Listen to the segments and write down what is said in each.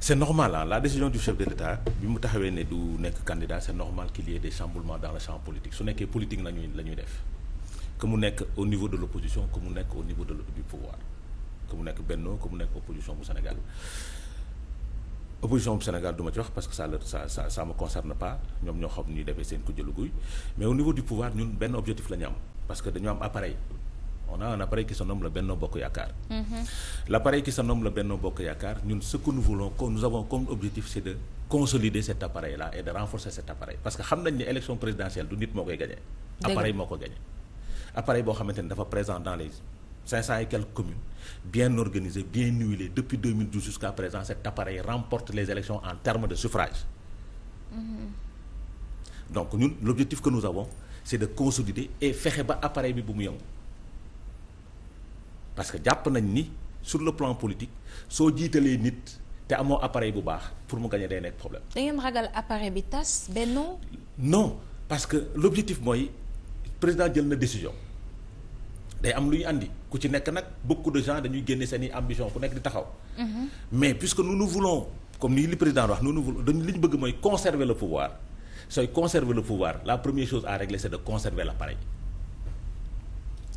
c'est normal ah la décision du chef de l'État bi mu taxawee ne du nekk candidat c'est normal qu'il y ait des chamboulements dans le champ politique su nekkee politique la def que mu nekk au niveau de l'opposition que mu nekk au niveau de du pouvoir que mu nekk Benno que mu nekk opposition bu Sénégal opposition bu Sénégal du ma ci wax parce que ça ça ça ça me concerne pas ñoom ñoo xam ni defee seen ku jëlu guy mais au niveau du pouvoir ñun benn objectif la ñu am parce que dañu am appareil on a un appareil qui se nomme le Benno Bokk Yaakaar. Mhm. l'appareil qui se nomme le Benno Bokk Yaakaar ñun ce que nous voulons que nous avons comme objectif c'est de consolider cet appareil là et de renforcer cet appareil parce que xam nañ ne élection présidentielle du nit moo koy gagné. appareil boo xamante ni dafa présent dans les cinq cent et quelques communes bien organisé bien huilé depuis 2012 jusqu'à présent cet appareil remporte les élections en termes de suffrage. Mhm. donc ñun l'objectif que nous avons c'est de fexe ba appareil bi bu mu yëngu. parce que jàpp nañ ni sur le plan politique soo jiitalee nit te amoo appareil bu baax pour mu gagner day nekk problème. da ngeen ragal appareil bi tas benno non parce que l'objectif mooy président jël na décision day am lu ñu ku ci nekk nag beaucoup de gens dañuy génne seen i ambition ku nekk di taxaw. Mhm. mais puisque nous nous voulons comme ni li président wax nous nous voulons dañ li ñu bëgg mooy conserver le pouvoir sooy conserver le pouvoir la première chose à régler c'est de conserver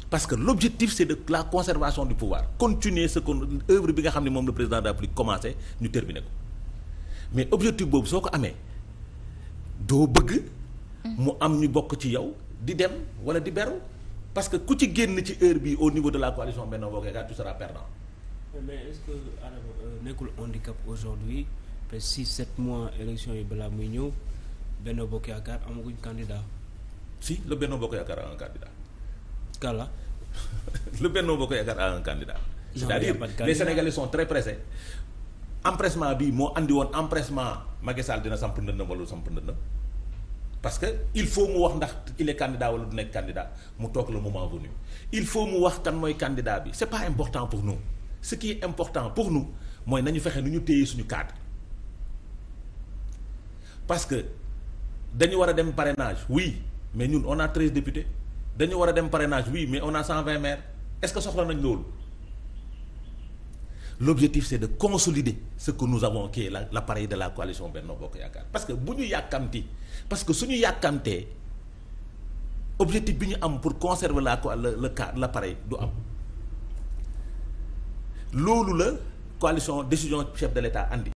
parce que l'objectif c'est de la conservation du pouvoir continuer ce qu'on œuvre bi nga xam ne moom le président de la République commencé ñu terminer ko mais objectif boobu soo ko amee doo bëgg mu am ñu bokk ci yow di dem wala di beru parce que ku ci génn ci heure bi au niveau de la coalition Benno Bokk Yaakaar tu seras perdant mais est-ce que Adama euh, nekkul handicap aujourd'hui parce mois élection yi balaa muy ñëw Benno Bokk Yaakaar amaguñ candidat si le Benno Bokk Yaakaar a Kalla. le Benno Bokk Yaakaar a un candidat. c'est-à-dire les Sénégalais très pressés. empressement bi moo indi woon empressement Macky Sall dina samp ndëndam wala samp ndëndam parce que il faut mu wax ndax il est candidat du nekk candidat mu toog le moment venu il faut mu wax kan mooy candidat bi c'est pas important pour nous ce qui important pour nous mooy nañu fexe nu ñu téye suñu cadre parce que dañu war a dem parrainage oui mais ñun on a treize députés dañu war a dem parrainage oui mais on a 120 maires est-ce que soxla nañ loolu l'objectif c'est de consolider ce que nous avons qui est la l'appareil de la coalition Benno Bokk Yaakaar parce que bu ñu yàkkamti parce que suñu yàkkamtee objectif bi ñu am pour conserver la le le cas l'appareil du am loolu la coalition décision chef de l'État andi.